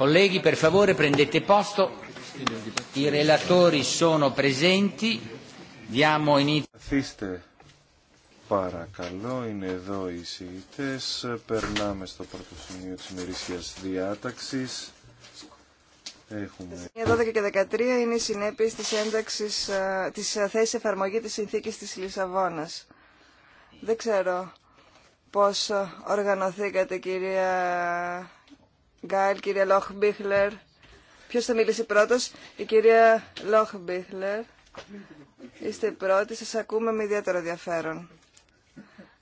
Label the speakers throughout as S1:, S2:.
S1: Colleghi, per
S2: favore,
S3: prendete posto.
S2: I relatori sono presenti.
S3: Diamo inizio. Καθίστε, παρακαλώ, είναι εδώ οι συγητές. Περνάμε στο πρώτο σημείο της ημερήσιας διάταξης. Έχουμε...
S2: 12 και 13 είναι οι συνέπειες τη ένταξης, της θέσης εφαρμογή τη συνθήκη τη Λισαβόνα. Δεν ξέρω πώς οργανωθήκατε κυρία Γκάλ, κυρία Λόχμπιχλερ. Ποιος θα μιλήσει πρώτος, η κυρία Λόχμπιχλερ. Είστε πρώτοι, σας ακούμε με ιδιαίτερο ενδιαφέρον.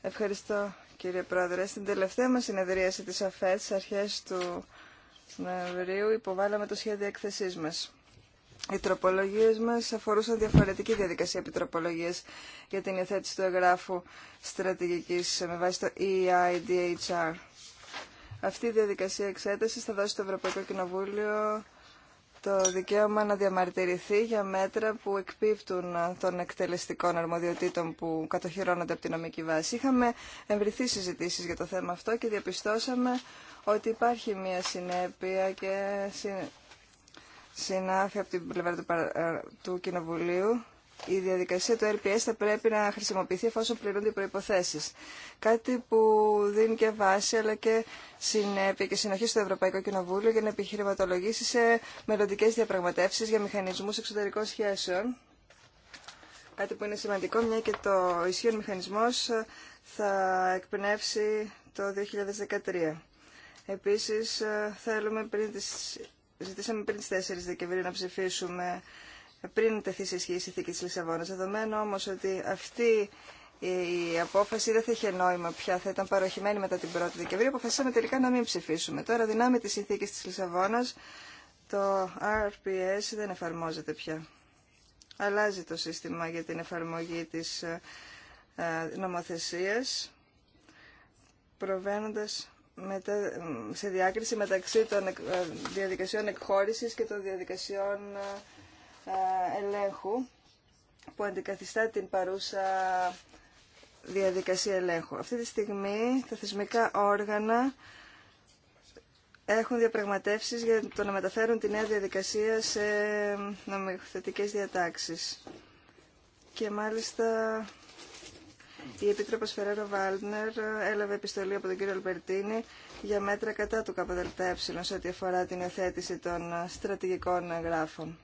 S2: Ευχαριστώ κύριε Πρόεδρε. Στην τελευταία μας συνεδρίαση της ΑΦΕΤ στις αρχές του Νοεμβρίου υποβάλαμε το σχέδιο έκθεσής μας. Οι τροπολογίες μας αφορούσαν διαφορετική διαδικασία επιτροπολογία για την υιοθέτηση του εγγράφου στρατηγικής με βάση το EIDHR. Αυτή η διαδικασία εξέτασης θα δώσει στο Ευρωπαϊκό Κοινοβούλιο το δικαίωμα να διαμαρτυρηθεί για μέτρα που εκπίπτουν των εκτελεστικών αρμοδιοτήτων που κατοχυρώνονται από την νομική βάση. Είχαμε εμβριθεί συζητήσεις για το θέμα αυτό και διαπιστώσαμε ότι υπάρχει μια συνέπεια και συνάφεια από την πλευρά του Κοινοβουλίου η διαδικασία του RPS θα πρέπει να χρησιμοποιηθεί εφόσον πληρούνται οι προϋποθέσεις. Κάτι που δίνει και βάση αλλά και συνέπεια και συνοχή στο Ευρωπαϊκό Κοινοβούλιο για να επιχειρηματολογήσει σε μελλοντικέ διαπραγματεύσεις για μηχανισμούς εξωτερικών σχέσεων. Κάτι που είναι σημαντικό, μια και το ισχύον μηχανισμός θα εκπνεύσει το 2013. Επίσης, ε, θέλουμε πριν τις... ζητήσαμε πριν τις 4 Δεκεμβρίου να ψηφίσουμε πριν τεθεί σε ισχύ η συνθήκη τη Λισαβόνα. Δεδομένου όμως ότι αυτή η απόφαση δεν θα είχε νόημα πια, θα ήταν παροχημένη μετά την 1η Δεκεμβρίου, αποφασίσαμε τελικά να μην ψηφίσουμε. Τώρα, δυνάμει τη συνθήκη τη Λισαβόνα, το RPS δεν εφαρμόζεται πια. Αλλάζει το σύστημα για την εφαρμογή τη ε, ε, νομοθεσία προβαίνοντα σε διάκριση μεταξύ των ε, διαδικασιών εκχώρησης και των διαδικασιών ε, ελέγχου που αντικαθιστά την παρούσα διαδικασία ελέγχου. Αυτή τη στιγμή τα θεσμικά όργανα έχουν διαπραγματεύσεις για το να μεταφέρουν τη νέα διαδικασία σε νομοθετικές διατάξεις. Και μάλιστα η Επίτροπος Φεραίρο Βάλτνερ έλαβε επιστολή από τον κύριο Αλμπερτίνη για μέτρα κατά του ΚΔΕ σε ό,τι αφορά την υιοθέτηση των στρατηγικών γράφων.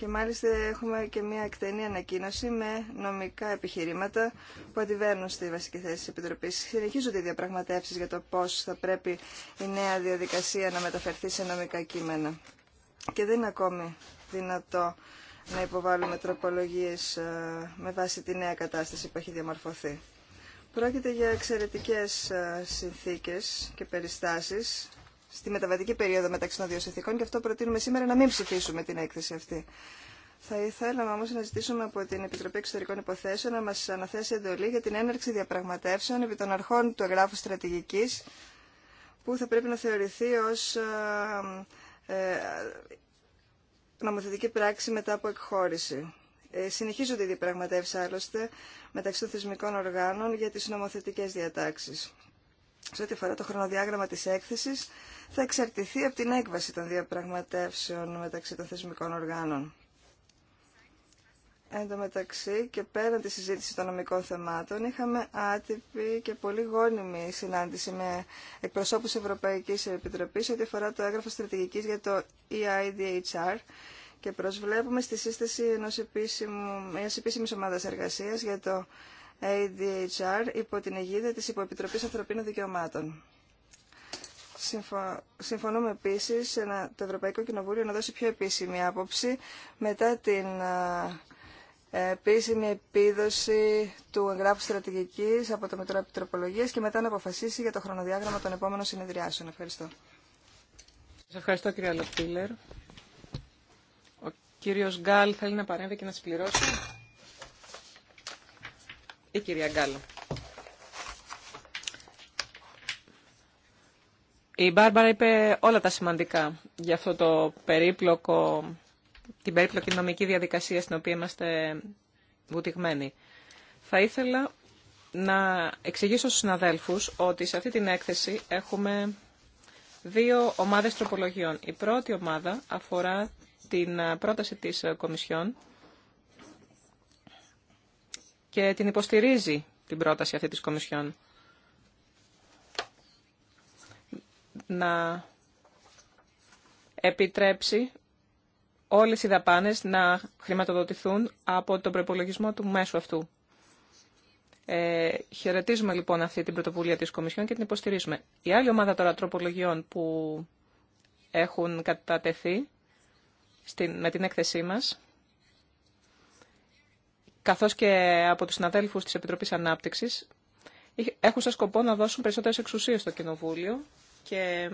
S2: Και μάλιστα έχουμε και μια εκτενή ανακοίνωση με νομικά επιχειρήματα που αντιβαίνουν στη βασική θέση της Επιτροπής. Συνεχίζονται οι διαπραγματεύσεις για το πώς θα πρέπει η νέα διαδικασία να μεταφερθεί σε νομικά κείμενα. Και δεν είναι ακόμη δυνατό να υποβάλουμε τροπολογίες ε, με βάση τη νέα κατάσταση που έχει διαμορφωθεί. Πρόκειται για εξαιρετικές ε, συνθήκες και περιστάσεις στη μεταβατική περίοδο μεταξύ των δύο συνθήκων και αυτό προτείνουμε σήμερα να μην ψηφίσουμε την έκθεση αυτή. Θα ήθελα όμω να ζητήσουμε από την Επιτροπή Εξωτερικών Υποθέσεων να μα αναθέσει εντολή για την έναρξη διαπραγματεύσεων επί των αρχών του εγγράφου στρατηγική που θα πρέπει να θεωρηθεί ω ε, ε, νομοθετική πράξη μετά από εκχώρηση. Ε, συνεχίζονται οι διαπραγματεύσει άλλωστε μεταξύ των θεσμικών οργάνων για τι νομοθετικέ διατάξει σε ό,τι αφορά το χρονοδιάγραμμα της έκθεσης θα εξαρτηθεί από την έκβαση των διαπραγματεύσεων μεταξύ των θεσμικών οργάνων. Εν τω μεταξύ και πέραν τη συζήτηση των νομικών θεμάτων είχαμε άτυπη και πολύ γόνιμη συνάντηση με εκπροσώπους Ευρωπαϊκής Επιτροπής ό,τι αφορά το έγγραφο στρατηγικής για το EIDHR και προσβλέπουμε στη σύσταση ενός επίσημου, μιας επίσημης ομάδας εργασίας για το ADHR υπό την αιγίδα της Υποεπιτροπής Ανθρωπίνων Δικαιωμάτων. Συμφωνούμε επίσης να, το Ευρωπαϊκό Κοινοβούλιο να δώσει πιο επίσημη άποψη μετά την ε, επίσημη επίδοση του εγγράφου στρατηγικής από το Μητρό Επιτροπολογίας και μετά να αποφασίσει για το χρονοδιάγραμμα των επόμενων συνεδριάσεων. Ευχαριστώ.
S1: Σας ευχαριστώ κύριε Λοπτήλερ. Ο κύριος Γκάλ θέλει να παρέμβει και να συμπληρώσει η κυρία Η Μπάρμπαρα είπε όλα τα σημαντικά για αυτό το περίπλοκο, την περίπλοκη νομική διαδικασία στην οποία είμαστε βουτυγμένοι. Θα ήθελα να εξηγήσω στους συναδέλφους ότι σε αυτή την έκθεση έχουμε δύο ομάδες τροπολογιών. Η πρώτη ομάδα αφορά την πρόταση της Κομισιόν και την υποστηρίζει την πρόταση αυτή της Κομισιόν. Να επιτρέψει όλες οι δαπάνες να χρηματοδοτηθούν από τον προπολογισμό του μέσου αυτού. Ε, χαιρετίζουμε λοιπόν αυτή την πρωτοβουλία της Κομισιόν και την υποστηρίζουμε. Η άλλη ομάδα τώρα τροπολογιών που έχουν κατατεθεί στην, με την έκθεσή μας καθώς και από τους συναδέλφους της Επιτροπής Ανάπτυξης, έχουν σαν σκοπό να δώσουν περισσότερες εξουσίες στο Κοινοβούλιο και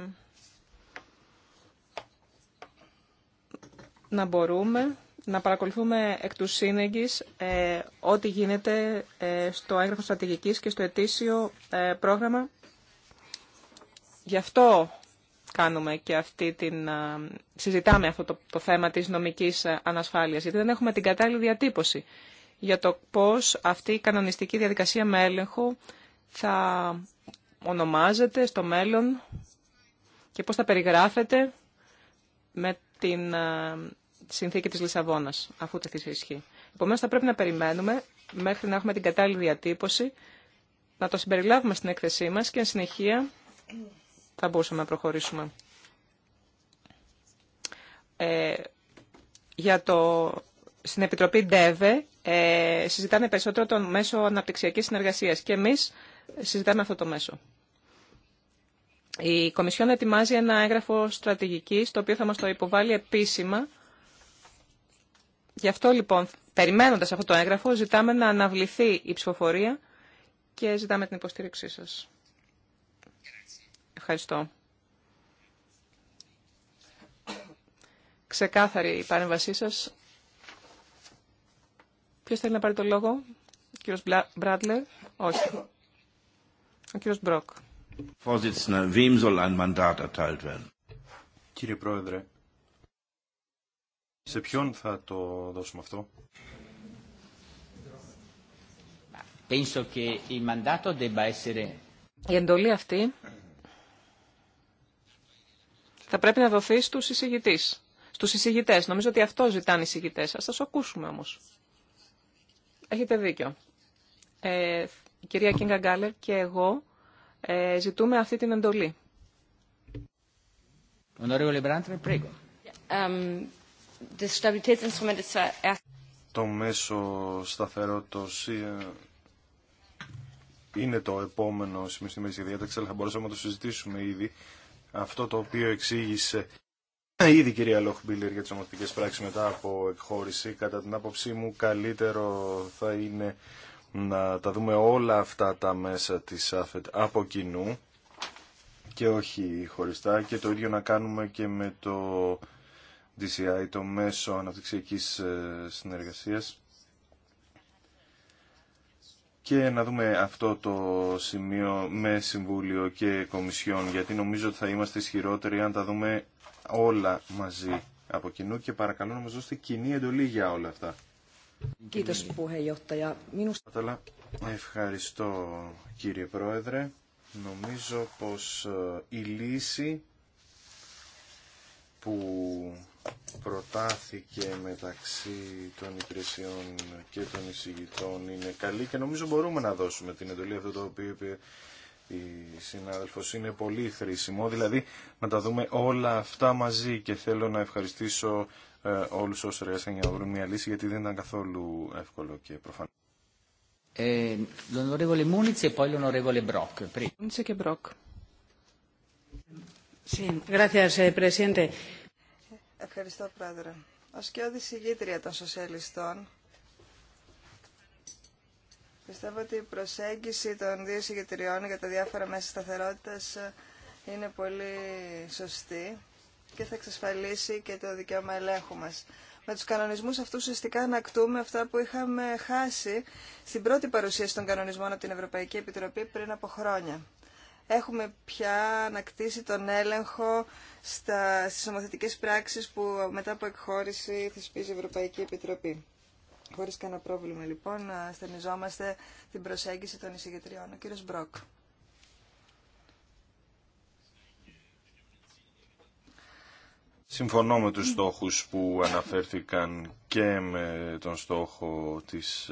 S1: να μπορούμε να παρακολουθούμε εκ του σύνεγγυς ε, ό,τι γίνεται ε, στο έγγραφο στρατηγικής και στο ετήσιο ε, πρόγραμμα. Γι' αυτό κάνουμε και αυτή την, συζητάμε αυτό το, το θέμα της νομικής ανασφάλειας, γιατί δεν έχουμε την κατάλληλη διατύπωση για το πώς αυτή η κανονιστική διαδικασία με έλεγχο θα ονομάζεται στο μέλλον και πώς θα περιγράφεται με την ε, συνθήκη της Λισαβόνας, αφού τεθεί σε ισχύ. Επομένως θα πρέπει να περιμένουμε μέχρι να έχουμε την κατάλληλη διατύπωση, να το συμπεριλάβουμε στην έκθεσή μας και εν συνεχεία θα μπορούσαμε να προχωρήσουμε. Ε, για το στην Επιτροπή ΝΤΕΒΕ ε, συζητάνε περισσότερο τον μέσο αναπτυξιακής συνεργασίας και εμείς συζητάμε αυτό το μέσο. Η Κομισιόν ετοιμάζει ένα έγγραφο στρατηγικής, το οποίο θα μας το υποβάλει επίσημα. Γι' αυτό λοιπόν, περιμένοντας αυτό το έγγραφο, ζητάμε να αναβληθεί η ψηφοφορία και ζητάμε την υποστήριξή σας. Ευχαριστώ. Ξεκάθαρη η παρέμβασή σας. Ποιος θέλει να πάρει το λόγο, ο κύριος Μπράτλερ, όχι, ο κύριος Μπρόκ.
S3: Κύριε Πρόεδρε, σε ποιον θα το δώσουμε αυτό.
S1: Η εντολή αυτή θα πρέπει να δοθεί στους εισηγητές, στους εισηγητές. Νομίζω ότι αυτό ζητάνε οι εισηγητές. Ας σας ακούσουμε όμως. Έχετε δίκιο. Ε, η κυρία Κίνγκα Γκάλερ και εγώ ε, ζητούμε αυτή την εντολή.
S3: Um, uh, το μέσο σταθερότητας ε, είναι το επόμενο σημείο στη μέση διάταξη, αλλά θα μπορούσαμε να το συζητήσουμε ήδη. Αυτό το οποίο εξήγησε ε, ήδη κυρία Λόχμπίλερ για τις ομορφικές πράξεις μετά από εκχώρηση, κατά την άποψή μου καλύτερο θα είναι να τα δούμε όλα αυτά τα μέσα της ΑΦΕΤ από κοινού και όχι χωριστά και το ίδιο να κάνουμε και με το DCI, το Μέσο Αναπτυξιακής ε, Συνεργασίας και να δούμε αυτό το σημείο με Συμβούλιο και Κομισιόν γιατί νομίζω ότι θα είμαστε ισχυρότεροι αν τα δούμε όλα μαζί από κοινού και παρακαλώ να μας δώσετε κοινή εντολή για όλα αυτά. Ευχαριστώ κύριε Πρόεδρε. Νομίζω πως ε, η λύση που προτάθηκε μεταξύ των υπηρεσιών και των εισηγητών είναι καλή και νομίζω μπορούμε να δώσουμε την εντολή αυτό το οποίο η συνάδελφος είναι πολύ χρήσιμο, δηλαδή να τα δούμε όλα αυτά μαζί και θέλω να ευχαριστήσω ε, όλους όσους εργάστηκαν για να βρουν μια λύση γιατί δεν ήταν καθόλου εύκολο και προφανώς. Μούνιτσε e και Μπρόκ.
S1: Eh,
S2: Ευχαριστώ, Πρόεδρε. Ω και ηγήτρια των Σοσιαλιστών, Πιστεύω ότι η προσέγγιση των δύο συγκεκριών για τα διάφορα μέσα σταθερότητας ε, είναι πολύ σωστή και θα εξασφαλίσει και το δικαίωμα ελέγχου μας. Με τους κανονισμούς αυτούς ουσιαστικά ανακτούμε αυτά που είχαμε χάσει στην πρώτη παρουσίαση των κανονισμών από την Ευρωπαϊκή Επιτροπή πριν από χρόνια. Έχουμε πια ανακτήσει τον έλεγχο στα, στις ομοθετικές που μετά από εκχώρηση θεσπίζει η Ευρωπαϊκή Επιτροπή. Χωρί κανένα πρόβλημα λοιπόν, στενιζόμαστε την προσέγγιση των εισηγητριών. Ο κύριος Μπρόκ.
S3: Συμφωνώ με τους στόχους που αναφέρθηκαν και με τον στόχο της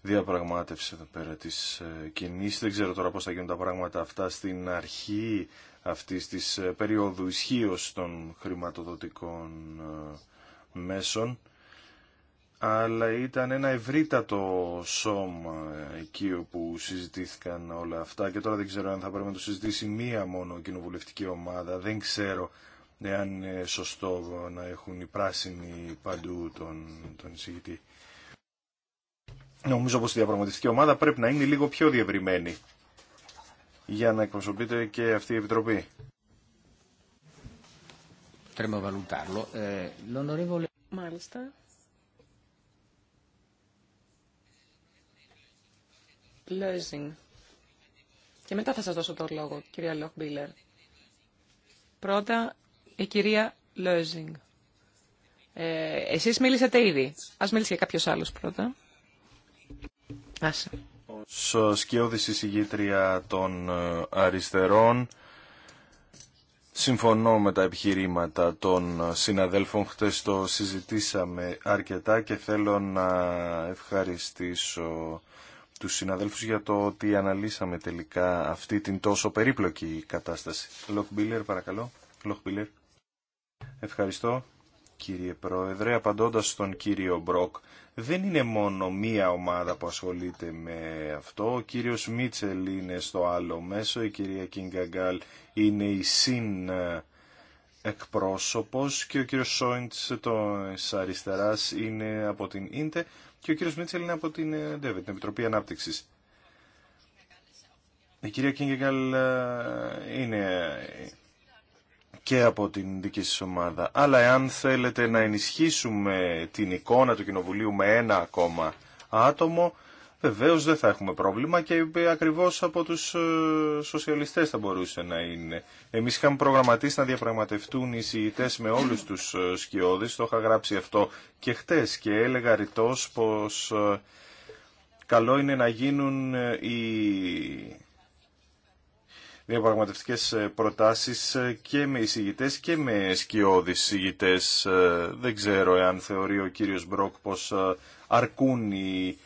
S3: διαπραγμάτευσης εδώ πέρα της ε, κοινής. Δεν ξέρω τώρα πώς θα γίνουν τα πράγματα αυτά στην αρχή αυτής της ε, περίοδου ισχύω των χρηματοδοτικών ε, μέσων αλλά ήταν ένα ευρύτατο σώμα εκεί όπου συζητήθηκαν όλα αυτά και τώρα δεν ξέρω αν θα πρέπει να το συζητήσει μία μόνο κοινοβουλευτική ομάδα. Δεν ξέρω αν είναι σωστό να έχουν οι πράσινοι παντού τον, τον εισηγητή. Νομίζω πως η διαπραγματευτική ομάδα πρέπει να είναι λίγο πιο διευρυμένη για να εκπροσωπείται και αυτή η Επιτροπή. Ε, Μάλιστα.
S1: Λέζινγκ. Και μετά θα σας δώσω το λόγο, κυρία Λοχμπίλερ. Πρώτα, η κυρία Λέζινγκ. Ε, εσείς μίλησατε ήδη. Ας μίλησε και κάποιος άλλος πρώτα.
S3: Άσε. Ως ε, σκιώδης των ε, αριστερών, συμφωνώ με τα επιχειρήματα των ε, συναδέλφων. Χτες το συζητήσαμε αρκετά και θέλω να ευχαριστήσω τους συναδέλφους για το ότι αναλύσαμε τελικά αυτή την τόσο περίπλοκη κατάσταση. Μπίλερ, παρακαλώ. Ευχαριστώ. Κύριε Πρόεδρε, απαντώντας στον κύριο Μπροκ, δεν είναι μόνο μία ομάδα που ασχολείται με αυτό. Ο κύριος Μίτσελ είναι στο άλλο μέσο, η κυρία Κίνγκαγκάλ είναι η συν ε, εκπρόσωπος και ο κύριος Σόιντς το αριστεράς είναι από την Ίντε και ο κύριο Μίτσελ είναι από την ΔΕΒΕ, την Επιτροπή Ανάπτυξης. Η κυρία Κίνγκεγκαλ ε, είναι και από την δική σας ομάδα. Αλλά εάν θέλετε να ενισχύσουμε την εικόνα του Κοινοβουλίου με ένα ακόμα άτομο, βεβαίως δεν θα έχουμε πρόβλημα και ακριβώς από τους ε, σοσιαλιστές θα μπορούσε να είναι. Εμείς είχαμε προγραμματίσει να διαπραγματευτούν οι συγητές με όλους τους ε, σκιώδεις, το είχα γράψει αυτό και χτες και έλεγα ρητός πως ε, καλό είναι να γίνουν οι διαπραγματευτικές προτάσεις και με εισηγητές και με σκιώδεις εισηγητές. Δεν ξέρω εάν θεωρεί ο κύριος Μπρόκ πως αρκούν οι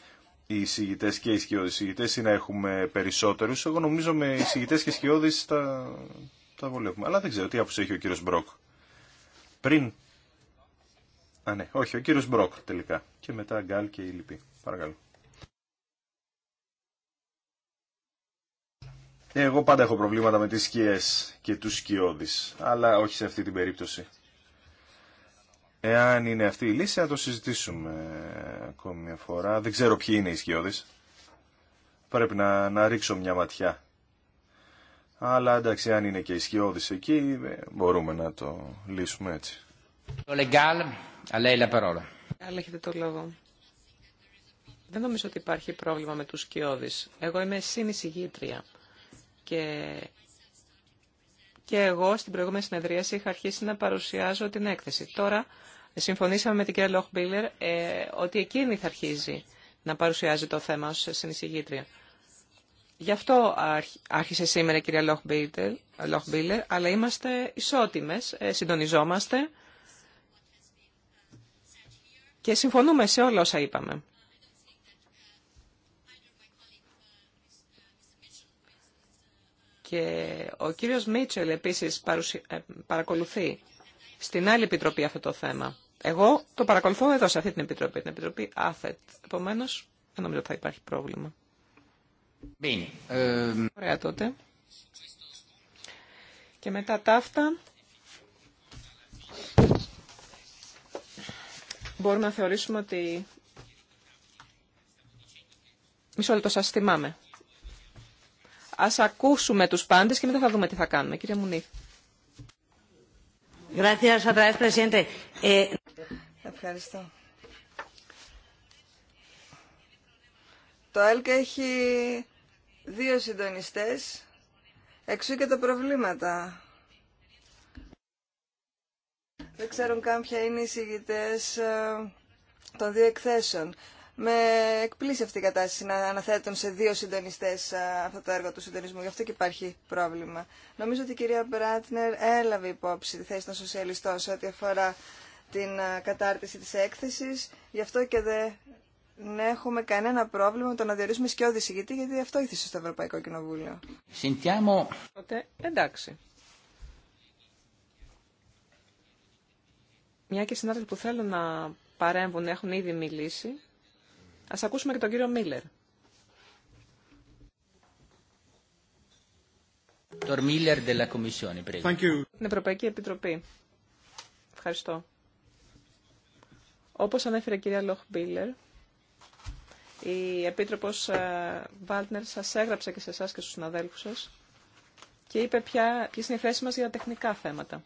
S3: οι εισηγητέ και οι σκιώδει εισηγητές ή να έχουμε περισσότερους. Εγώ νομίζω με εισηγητέ και σκιώδει τα, τα βολεύουμε. Αλλά δεν ξέρω τι άποψη έχει ο κύριος Μπρόκ. Πριν... Α, ναι, όχι, ο κύριος Μπρόκ τελικά. Και μετά Γκάλ και η Λυπή. Παρακαλώ. Εγώ πάντα έχω προβλήματα με τις σκιές και τους σκιώδεις, αλλά όχι σε αυτή την περίπτωση. Εάν είναι αυτή η λύση, θα το συζητήσουμε ακόμη μια φορά. Δεν ξέρω ποιοι είναι οι σκιώδεις. Πρέπει να, να ρίξω μια ματιά. Αλλά εντάξει, αν είναι και οι σκιώδεις εκεί, ε, μπορούμε να το λύσουμε έτσι. Το legal, αλλά Αλλά
S1: το λόγο. Δεν νομίζω ότι υπάρχει πρόβλημα με τους σκιώδεις. Εγώ είμαι συνεισηγήτρια και και εγώ στην προηγούμενη συνεδρίαση είχα αρχίσει να παρουσιάζω την έκθεση. Τώρα συμφωνήσαμε με την κυρία Λόχμπίλερ ε, ότι εκείνη θα αρχίζει να παρουσιάζει το θέμα ως συνεισηγήτρια. Γι' αυτό άρχισε σήμερα η κυρία Λόχμπίλερ, αλλά είμαστε ισότιμες, ε, συντονιζόμαστε και συμφωνούμε σε όλα όσα είπαμε. Και ο κύριος Μίτσελ επίσης ε, παρακολουθεί στην άλλη επιτροπή αυτό το θέμα. Εγώ το παρακολουθώ εδώ σε αυτή την επιτροπή, την επιτροπή ΑΘΕΤ. Επομένω, δεν νομίζω ότι θα υπάρχει πρόβλημα. Ε, Ωραία τότε. Και μετά τα αυτά, μπορούμε να θεωρήσουμε ότι... Μισό λεπτό σας θυμάμαι. Ας ακούσουμε τους πάντες και μετά θα δούμε τι θα κάνουμε. Κύριε Μουνή. Eh,
S2: Ευχαριστώ. Το ΕΛΚΑ έχει δύο συντονιστές, εξού και τα προβλήματα. Δεν ξέρουν καν είναι οι συγγητές ε, των δύο εκθέσεων με εκπλήσει αυτή η κατάσταση να αναθέτουν σε δύο συντονιστέ αυτό το έργο του συντονισμού. Γι' αυτό και υπάρχει πρόβλημα. Νομίζω ότι η κυρία Μπράτνερ έλαβε υπόψη τη θέση των σοσιαλιστών σε ό,τι αφορά την κατάρτιση τη έκθεση. Γι' αυτό και δεν έχουμε κανένα πρόβλημα με το να διορίσουμε σκιώδη συγκητή, γιατί αυτό ήθισε στο Ευρωπαϊκό Κοινοβούλιο. Οπότε, εντάξει.
S1: Μια και συνάδελφοι που θέλουν να παρέμβουν έχουν ήδη μιλήσει. Ας ακούσουμε και τον κύριο Μίλλερ. Την Ευρωπαϊκή Επιτροπή. Ευχαριστώ. Όπως ανέφερε η κυρία Λοχ Μπίλερ, η Επίτροπος ε, Βάλτνερ σας έγραψε και σε εσά και στους συναδέλφους σας και είπε ποια, ποιες είναι οι θέσεις μας για τεχνικά θέματα.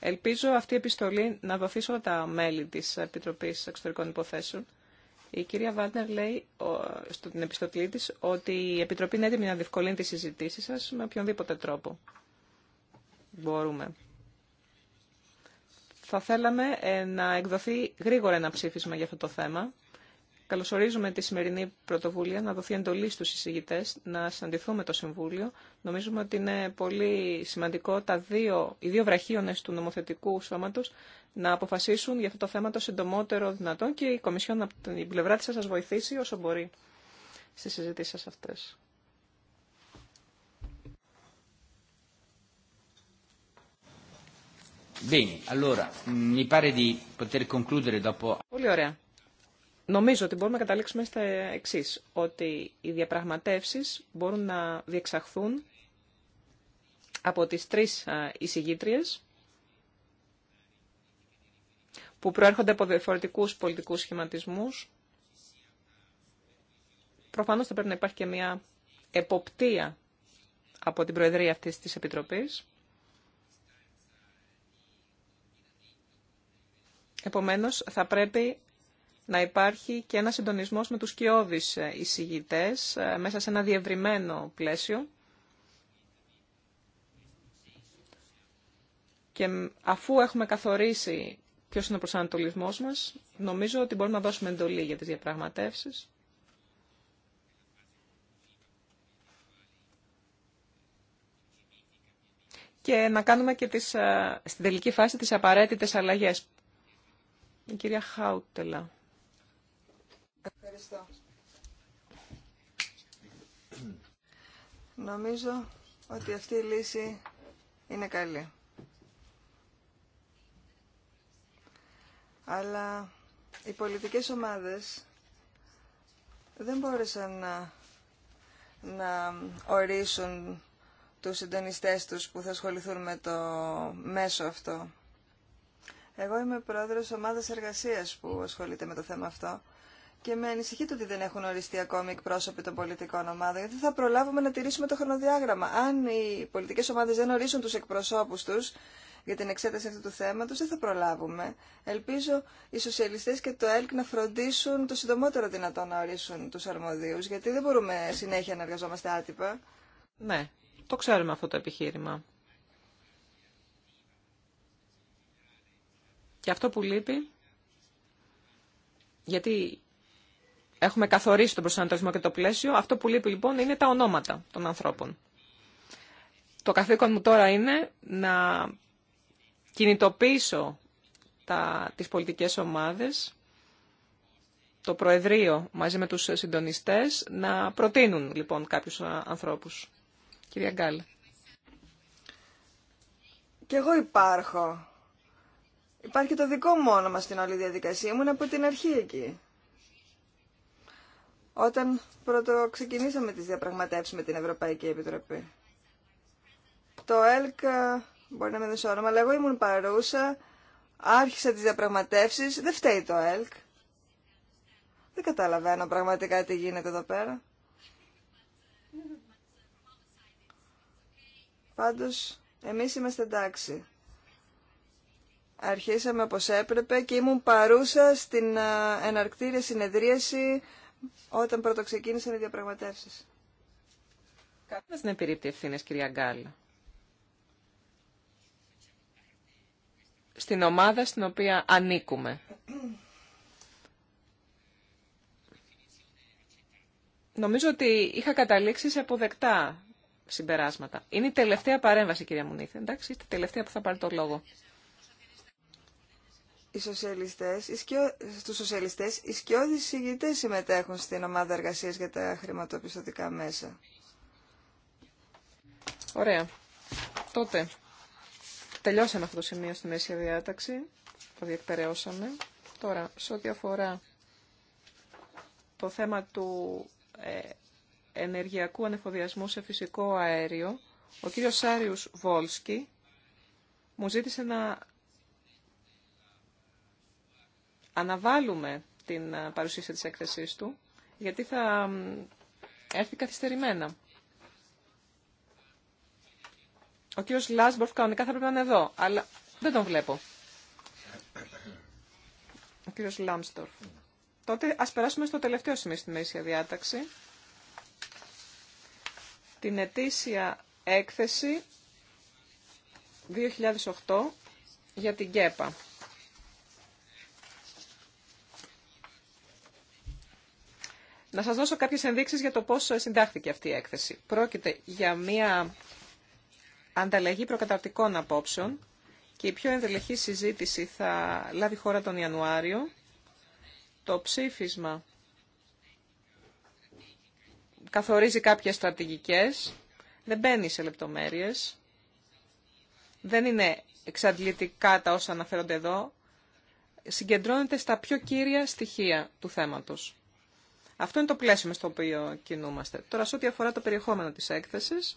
S1: Ελπίζω αυτή η επιστολή να δοθεί σε όλα τα μέλη της Επιτροπής Εξωτερικών Υποθέσεων η κυρία Βάντερ λέει στην επιστολή τη ότι η Επιτροπή είναι έτοιμη να διευκολύνει τι συζητήσει σα με οποιονδήποτε τρόπο. Μπορούμε. Θα θέλαμε ε, να εκδοθεί γρήγορα ένα ψήφισμα για αυτό το θέμα Καλωσορίζουμε τη σημερινή πρωτοβουλία να δοθεί εντολή στους εισηγητές να συναντηθούμε το Συμβούλιο. Νομίζουμε ότι είναι πολύ σημαντικό τα δύο, οι δύο βραχίονες του νομοθετικού σώματος να αποφασίσουν για αυτό το θέμα το συντομότερο δυνατόν και η Κομισιόν από την πλευρά της θα σας βοηθήσει όσο μπορεί στις συζητήσεις σας αυτές. Πολύ ωραία. Νομίζω ότι μπορούμε να καταλήξουμε στα εξή ότι οι διαπραγματεύσεις μπορούν να διεξαχθούν από τις τρεις εισηγήτριε που προέρχονται από διαφορετικούς πολιτικούς σχηματισμούς. Προφανώς θα πρέπει να υπάρχει και μια εποπτεία από την Προεδρία αυτής της Επιτροπής. Επομένως, θα πρέπει να υπάρχει και ένα συντονισμός με τους κοιόδης ε, εισηγητές ε, μέσα σε ένα διευρυμένο πλαίσιο. Και αφού έχουμε καθορίσει ποιο είναι ο προσανατολισμό μα, νομίζω ότι μπορούμε να δώσουμε εντολή για τι διαπραγματεύσει. Και να κάνουμε και τις, ε, στην τελική φάση τις απαραίτητες αλλαγές. Η κυρία Χάουτελα.
S2: Ευχαριστώ. Νομίζω ότι αυτή η λύση είναι καλή. Αλλά οι πολιτικές ομάδες δεν μπόρεσαν να, να ορίσουν τους συντονιστές τους που θα ασχοληθούν με το μέσο αυτό. Εγώ είμαι πρόεδρος ομάδας εργασίας που ασχολείται με το θέμα αυτό και με ανησυχεί το ότι δεν έχουν οριστεί ακόμη εκπρόσωποι των πολιτικών ομάδων, γιατί θα προλάβουμε να τηρήσουμε το χρονοδιάγραμμα. Αν οι πολιτικέ ομάδε δεν ορίσουν του εκπροσώπου του για την εξέταση αυτού του θέματο, δεν θα προλάβουμε. Ελπίζω οι σοσιαλιστέ και το ΕΛΚ να φροντίσουν το συντομότερο δυνατό να ορίσουν του αρμοδίου, γιατί δεν μπορούμε συνέχεια να εργαζόμαστε άτυπα.
S1: Ναι, το ξέρουμε αυτό το επιχείρημα. Και αυτό που λείπει, γιατί Έχουμε καθορίσει τον προσανατολισμό και το πλαίσιο. Αυτό που λείπει λοιπόν είναι τα ονόματα των ανθρώπων. Το καθήκον μου τώρα είναι να κινητοποιήσω τα, τις πολιτικές ομάδες, το Προεδρείο μαζί με τους συντονιστές, να προτείνουν λοιπόν κάποιους ανθρώπους. Κυρία Γκάλ.
S2: Κι εγώ υπάρχω. Υπάρχει το δικό μου όνομα στην όλη διαδικασία. Ήμουν από την αρχή εκεί όταν πρώτο ξεκινήσαμε τις διαπραγματεύσεις με την Ευρωπαϊκή Επιτροπή. Το ΕΛΚ ε, μπορεί να με δώσει όνομα, αλλά εγώ ήμουν παρούσα, άρχισα τις διαπραγματεύσεις, δεν φταίει το ΕΛΚ. Δεν καταλαβαίνω πραγματικά τι γίνεται εδώ πέρα. Πάντως, εμείς είμαστε εντάξει. Αρχίσαμε όπως έπρεπε και ήμουν παρούσα στην ε, εναρκτήρια συνεδρίαση όταν πρώτο ξεκίνησαν οι διαπραγματεύσει.
S1: Κανένα δεν επιρρύπτει ευθύνε, κυρία Γκάλ. Στην ομάδα στην οποία ανήκουμε. Νομίζω ότι είχα καταλήξει σε αποδεκτά συμπεράσματα. Είναι η τελευταία παρέμβαση, κυρία Μουνίθε. Εντάξει, είστε τελευταία που θα πάρει το λόγο
S2: οι σοσιαλιστές, οι σκιο... στους σοσιαλιστές, οι σκιώδεις συμμετέχουν στην ομάδα εργασίας για τα χρηματοπιστωτικά μέσα. Ωραία.
S1: Τότε τελειώσαμε αυτό το σημείο στη μέση διάταξη. Το διεκπαιρεώσαμε. Τώρα, σε ό,τι αφορά το θέμα του ε, ενεργειακού ανεφοδιασμού σε φυσικό αέριο, ο κύριος Σάριους Βόλσκι μου ζήτησε να αναβάλουμε την ε, παρουσίαση της έκθεσής του, γιατί θα έρθει καθυστερημένα. Ο κύριος Λάσμπορφ κανονικά θα πρέπει να είναι εδώ, αλλά δεν τον βλέπω. Ο κύριος Λάμστορφ. Τότε ας περάσουμε στο τελευταίο σημείο στη μέση διάταξη. Την ετήσια έκθεση 2008 για την ΚΕΠΑ. Να σας δώσω κάποιες ενδείξεις για το πώς συντάχθηκε αυτή η έκθεση. Πρόκειται για μια ανταλλαγή προκαταρτικών απόψεων και η πιο ενδελεχή συζήτηση θα λάβει χώρα τον Ιανουάριο. Το ψήφισμα καθορίζει κάποιες στρατηγικές, δεν μπαίνει σε λεπτομέρειες, δεν είναι εξαντλητικά τα όσα αναφέρονται εδώ, συγκεντρώνεται στα πιο κύρια στοιχεία του θέματος. Αυτό είναι το πλαίσιο στο οποίο κινούμαστε. Τώρα, σε ό,τι αφορά το περιεχόμενο της έκθεσης,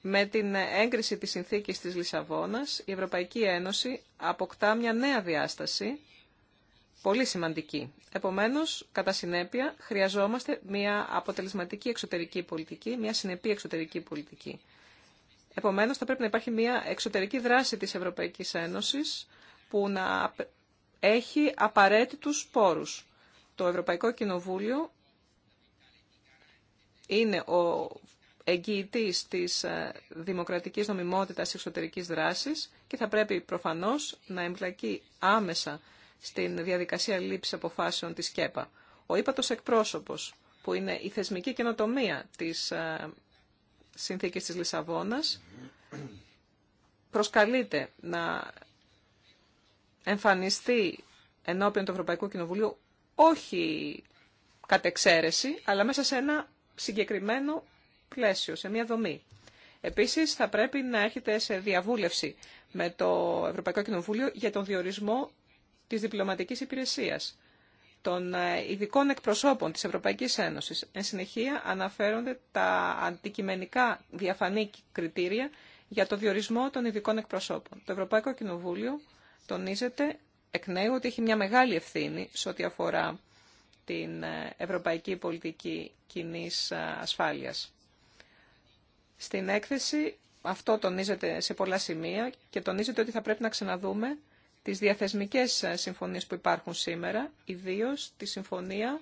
S1: με την έγκριση της συνθήκης της Λισαβόνας, η Ευρωπαϊκή Ένωση αποκτά μια νέα διάσταση, πολύ σημαντική. Επομένως, κατά συνέπεια, χρειαζόμαστε μια αποτελεσματική εξωτερική πολιτική, μια συνεπή εξωτερική πολιτική. Επομένως, θα πρέπει να υπάρχει μια εξωτερική δράση της Ευρωπαϊκής Ένωσης που να έχει απαραίτητους πόρους το Ευρωπαϊκό Κοινοβούλιο είναι ο εγγυητής της ε, δημοκρατικής νομιμότητας εξωτερικής δράσης και θα πρέπει προφανώς να εμπλακεί άμεσα στην διαδικασία λήψης αποφάσεων της ΚΕΠΑ. Ο ύπατος εκπρόσωπος, που είναι η θεσμική καινοτομία της ε, συνθήκης της Λισαβόνας, προσκαλείται να εμφανιστεί ενώπιον του Ευρωπαϊκού Κοινοβουλίου όχι κατ' εξαίρεση, αλλά μέσα σε ένα συγκεκριμένο πλαίσιο, σε μια δομή. Επίσης, θα πρέπει να έχετε σε διαβούλευση με το Ευρωπαϊκό Κοινοβούλιο για τον διορισμό της διπλωματικής υπηρεσίας των ε, ειδικών εκπροσώπων της Ευρωπαϊκής Ένωσης. Εν συνεχεία αναφέρονται τα αντικειμενικά διαφανή κριτήρια για το διορισμό των ειδικών εκπροσώπων. Το Ευρωπαϊκό Κοινοβούλιο τονίζεται εκ νέου ότι έχει μια μεγάλη ευθύνη σε ό,τι αφορά την ε, ευρωπαϊκή πολιτική κοινή ε, ασφάλειας. Στην έκθεση αυτό τονίζεται σε πολλά σημεία και τονίζεται ότι θα πρέπει να ξαναδούμε τις διαθεσμικές ε, συμφωνίες που υπάρχουν σήμερα, ιδίως τη συμφωνία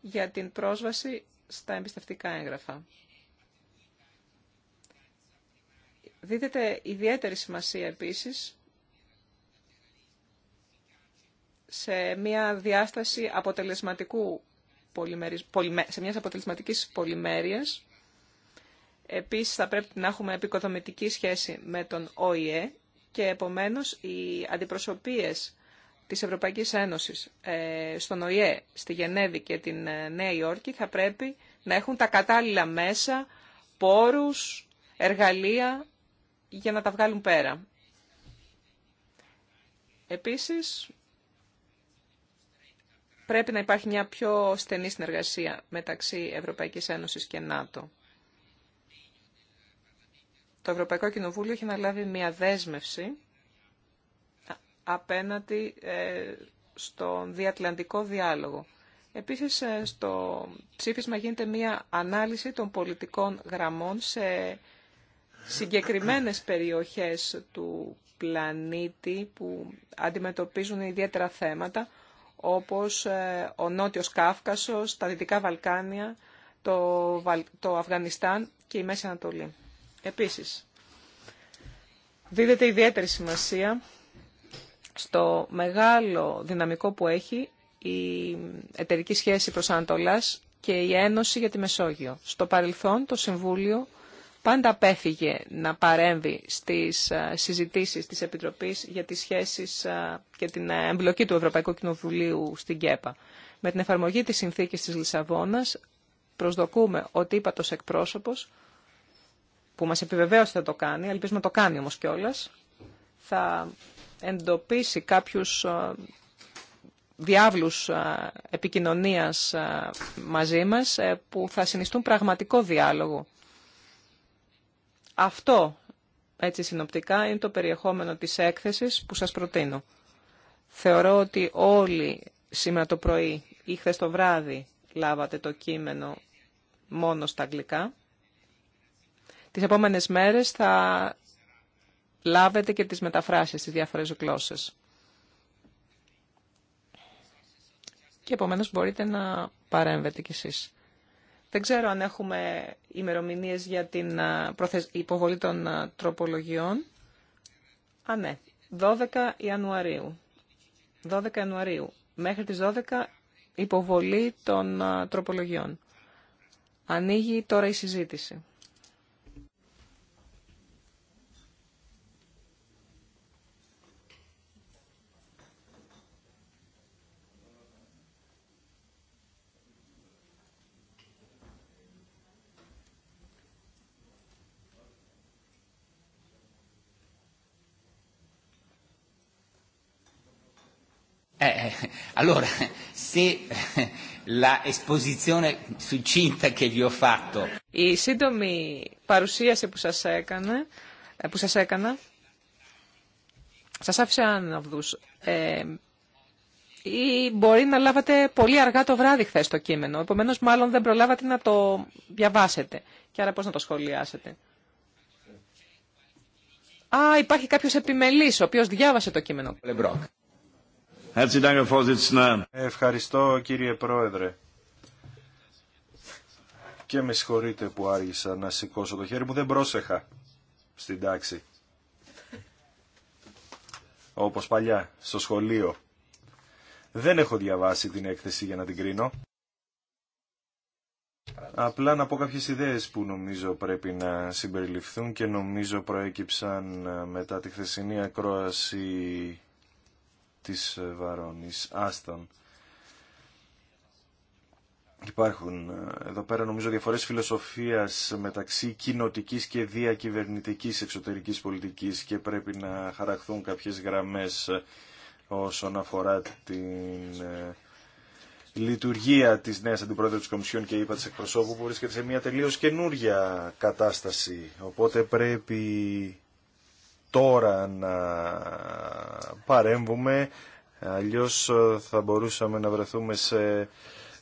S1: για την πρόσβαση στα εμπιστευτικά έγγραφα. Δίδεται ιδιαίτερη σημασία επίσης σε μια διάσταση αποτελεσματικού σε μιας αποτελεσματικής πολυμέρειας. Επίσης θα πρέπει να έχουμε επικοδομητική σχέση με τον ΟΗΕ και επομένως οι αντιπροσωπείες της Ευρωπαϊκής Ένωσης ε, στον ΟΗΕ, στη Γενέβη και την ε, Νέα Υόρκη θα πρέπει να έχουν τα κατάλληλα μέσα, πόρους, εργαλεία για να τα βγάλουν πέρα. Επίσης, πρέπει να υπάρχει μια πιο στενή συνεργασία μεταξύ Ευρωπαϊκής Ένωσης και ΝΑΤΟ. Το Ευρωπαϊκό Κοινοβούλιο έχει αναλάβει μια δέσμευση απέναντι ε, στον διατλαντικό διάλογο. Επίσης, ε, στο ψήφισμα γίνεται μια ανάλυση των πολιτικών γραμμών σε συγκεκριμένες περιοχές του πλανήτη που αντιμετωπίζουν ιδιαίτερα θέματα όπως ε, ο Νότιος Κάφκασος, τα Δυτικά Βαλκάνια, το, το Αφγανιστάν και η Μέση Ανατολή. Επίσης, δίδεται ιδιαίτερη σημασία στο μεγάλο δυναμικό που έχει η εταιρική σχέση προς Ανατολάς και η Ένωση για τη Μεσόγειο. Στο παρελθόν το Συμβούλιο πάντα απέφυγε να παρέμβει στις ε, συζητήσεις της Επιτροπής για τις σχέσεις ε, και την ε, εμπλοκή του Ευρωπαϊκού Κοινοβουλίου στην ΚΕΠΑ. Με την εφαρμογή της συνθήκης της Λισαβόνας προσδοκούμε ότι είπα τος εκπρόσωπος που μας επιβεβαίωσε θα το κάνει, ελπίζουμε να το κάνει όμως κιόλα, θα εντοπίσει κάποιους διάβλους επικοινωνίας μαζί μας που θα συνιστούν πραγματικό διάλογο αυτό, έτσι συνοπτικά, είναι το περιεχόμενο της έκθεσης που σας προτείνω. Θεωρώ ότι όλοι σήμερα το πρωί ή χθε το βράδυ λάβατε το κείμενο μόνο στα αγγλικά. Τις επόμενες μέρες θα λάβετε και τις μεταφράσεις στις διάφορες γλώσσες. Και επομένως μπορείτε να παρέμβετε κι εσείς. Δεν ξέρω αν έχουμε ημερομηνίες για την υποβολή των τροπολογιών. Α, ναι. 12 Ιανουαρίου. 12 Ιανουαρίου. Μέχρι τις 12 υποβολή των τροπολογιών. Ανοίγει τώρα η συζήτηση. Eh, eh, allora, se Η σύντομη παρουσίαση που σας, έκανε, ε, που σας έκανα, σας άφησε άναυδους. Ε, ή μπορεί να λάβατε πολύ αργά το βράδυ χθε το κείμενο, Επομένω, μάλλον δεν προλάβατε να το διαβάσετε. Και άρα πώς να το σχολιάσετε. Α, υπάρχει κάποιος επιμελής, ο οποίος διάβασε το κείμενο.
S3: Ευχαριστώ κύριε Πρόεδρε. Και με συγχωρείτε που άργησα να σηκώσω το χέρι μου, δεν πρόσεχα στην τάξη. Όπως παλιά, στο σχολείο. Δεν έχω διαβάσει την έκθεση για να την κρίνω. Απλά να πω κάποιες ιδέες που νομίζω πρέπει να συμπεριληφθούν και νομίζω προέκυψαν μετά τη χθεσινή ακρόαση της Βαρόνης Άστον. Υπάρχουν ε, εδώ πέρα νομίζω διαφορές φιλοσοφίας μεταξύ κοινοτικής και διακυβερνητικής εξωτερικής πολιτικής και πρέπει να χαραχθούν κάποιες γραμμές ε, όσον αφορά την ε, λειτουργία της νέας αντιπρόεδρου της Κομισιόν και είπα της εκπροσώπου που βρίσκεται σε μια τελείως καινούρια κατάσταση. Οπότε πρέπει τώρα να παρέμβουμε, αλλιώς ε, θα μπορούσαμε να βρεθούμε σε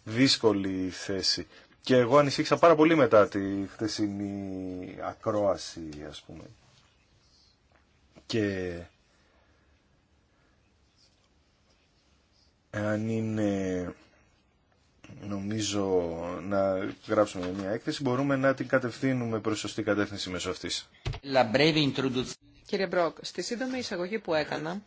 S3: δύσκολη θέση. Και εγώ ανησύχησα πάρα πολύ μετά τη χτεσινή ακρόαση, ας πούμε. Και αν είναι νομίζω να γράψουμε μια έκθεση μπορούμε να την κατευθύνουμε προς σωστή κατεύθυνση μέσω αυτής. Κύριε Μπρόκ, στη σύντομη εισαγωγή που έκανα,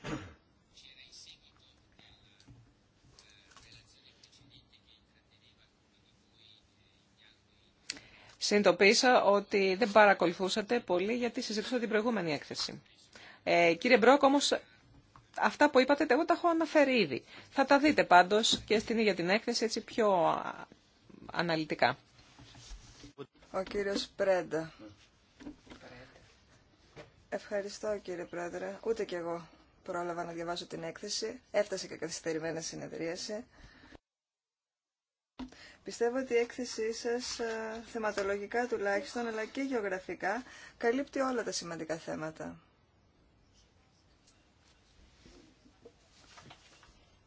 S1: συνειδητοποίησα ότι δεν παρακολουθούσατε πολύ γιατί συζητήσατε την προηγούμενη έκθεση. Ε, κύριε Μπρόκ, όμως, αυτά που είπατε εγώ τα έχω αναφέρει ήδη. Θα τα δείτε πάντως και στην ίδια την έκθεση έτσι πιο
S2: αναλυτικά. Ο κύριος Πρέντα. Ευχαριστώ κύριε Πρόεδρε. Ούτε κι εγώ πρόλαβα να διαβάσω την έκθεση. Έφτασε και καθυστερημένα συνεδρίαση. Πιστεύω ότι η έκθεσή σας, θεματολογικά τουλάχιστον, αλλά και γεωγραφικά, καλύπτει όλα τα σημαντικά θέματα.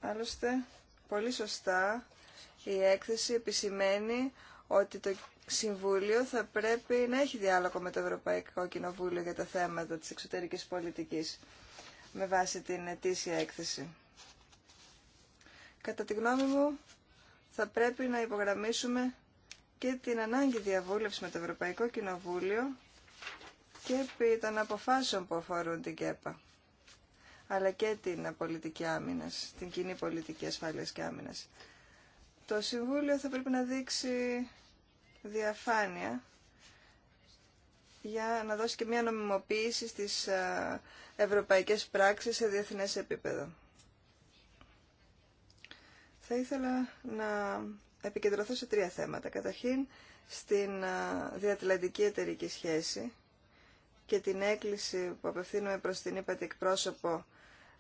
S2: Άλλωστε, πολύ σωστά η έκθεση επισημαίνει ότι το Συμβούλιο θα πρέπει να έχει διάλογο με το Ευρωπαϊκό Κοινοβούλιο για τα θέματα της εξωτερικής πολιτικής με βάση την ετήσια έκθεση. Κατά τη γνώμη μου, θα πρέπει να υπογραμμίσουμε και την ανάγκη διαβούλευση με το Ευρωπαϊκό Κοινοβούλιο και επί των αποφάσεων που αφορούν την ΚΕΠΑ, αλλά και την πολιτική άμυνας, την κοινή πολιτική ασφάλειας και άμυνας. Το Συμβούλιο θα πρέπει να δείξει διαφάνεια για να δώσει και μια νομιμοποίηση στις ευρωπαϊκές πράξεις σε διεθνές επίπεδο. Θα ήθελα να επικεντρωθώ σε τρία θέματα. Καταρχήν, στην διατλαντική εταιρική σχέση και την έκκληση που απευθύνουμε προς την ύπατη εκπρόσωπο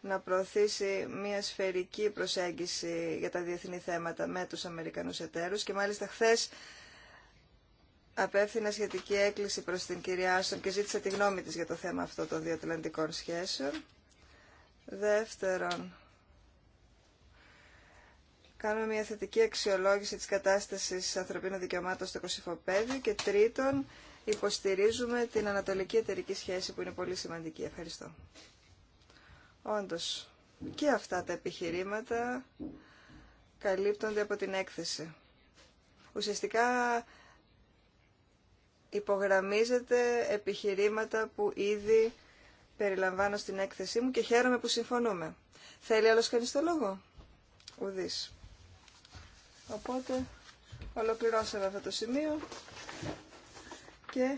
S2: να προωθήσει μια σφαιρική προσέγγιση για τα διεθνή θέματα με τους Αμερικανούς εταίρους και μάλιστα χθες απέφθηνα σχετική έκκληση προς την κυρία Άστον και ζήτησα τη γνώμη της για το θέμα αυτό των διατλαντικών σχέσεων. Δεύτερον, κάνουμε μια θετική αξιολόγηση της κατάστασης ανθρωπίνων δικαιωμάτων στο Κωσυφοπέδιο και τρίτον, υποστηρίζουμε την ανατολική εταιρική σχέση που είναι πολύ σημαντική. Ευχαριστώ. Όντως, και αυτά τα επιχειρήματα καλύπτονται από την έκθεση. Ουσιαστικά υπογραμμίζεται επιχειρήματα που ήδη περιλαμβάνω στην έκθεσή μου και χαίρομαι που συμφωνούμε. Θέλει άλλος κανείς το λόγο? Ουδής. Οπότε ολοκληρώσαμε αυτό το σημείο και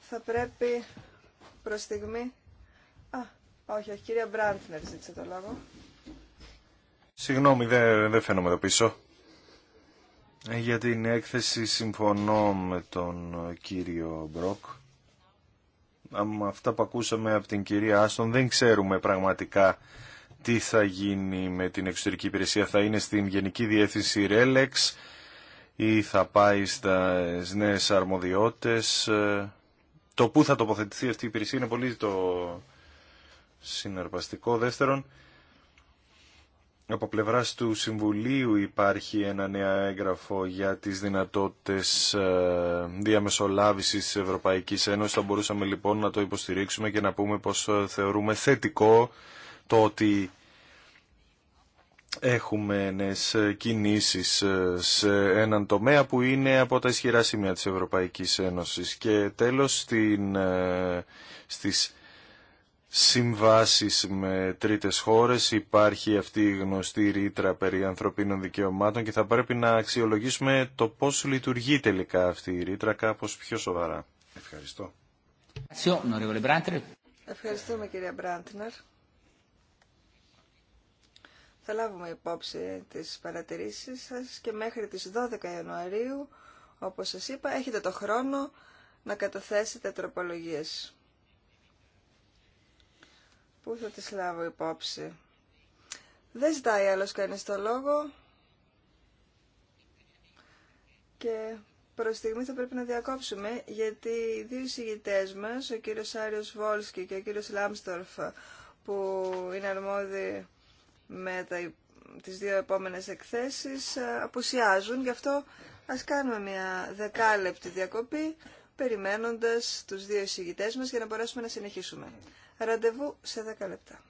S2: θα πρέπει προς στιγμή... Α, όχι, όχι, κυρία Μπραντνερ ζήτησε το λόγο.
S3: Συγγνώμη, δεν δε φαίνομαι εδώ πίσω. Ε, για την έκθεση συμφωνώ με τον κύριο Μπροκ. αυτά που ακούσαμε από την κυρία Άστον δεν ξέρουμε πραγματικά τι θα γίνει με την εξωτερική υπηρεσία. Θα είναι στην Γενική Διεύθυνση Ρέλεξ ή θα πάει στα νέες αρμοδιότητες. Ε, το πού θα τοποθετηθεί αυτή η υπηρεσία στα νέε πολύ το συναρπαστικό. Δεύτερον, από πλευρά του Συμβουλίου υπάρχει ένα νέο έγγραφο για τις δυνατότητες ε, διαμεσολάβησης της Ευρωπαϊκής Ένωσης. Θα μπορούσαμε λοιπόν να το υποστηρίξουμε και να πούμε πως ε, θεωρούμε θετικό το ότι έχουμε νέες ε, κινήσεις σε έναν τομέα που είναι από τα ισχυρά σημεία της Ευρωπαϊκής Ένωσης. Και τέλος στην, στις συμβάσεις με τρίτες χώρες, υπάρχει αυτή η γνωστή ρήτρα περί ανθρωπίνων δικαιωμάτων και θα πρέπει να αξιολογήσουμε το πώς λειτουργεί τελικά αυτή η ρήτρα κάπως πιο σοβαρά. Ευχαριστώ.
S2: Ευχαριστούμε κυρία Μπράντνερ. Θα λάβουμε υπόψη τις παρατηρήσεις σας και μέχρι τις 12 Ιανουαρίου, όπως σας είπα, έχετε το χρόνο να καταθέσετε τροπολογίες που θα τις λάβω υπόψη. Δεν ζητάει άλλος κανείς το λόγο και προς στιγμή θα πρέπει να διακόψουμε γιατί οι δύο συγγητές μας, ο κύριος Άριος Βόλσκι και ο κύριος Λάμστορφ που είναι αρμόδιοι με τα, τις δύο επόμενες εκθέσεις ε, απουσιάζουν. Γι' αυτό ας κάνουμε μια δεκάλεπτη διακοπή περιμένοντας τους δύο εισηγητές μας για να μπορέσουμε να συνεχίσουμε. Ραντεβού σε 10 λεπτά.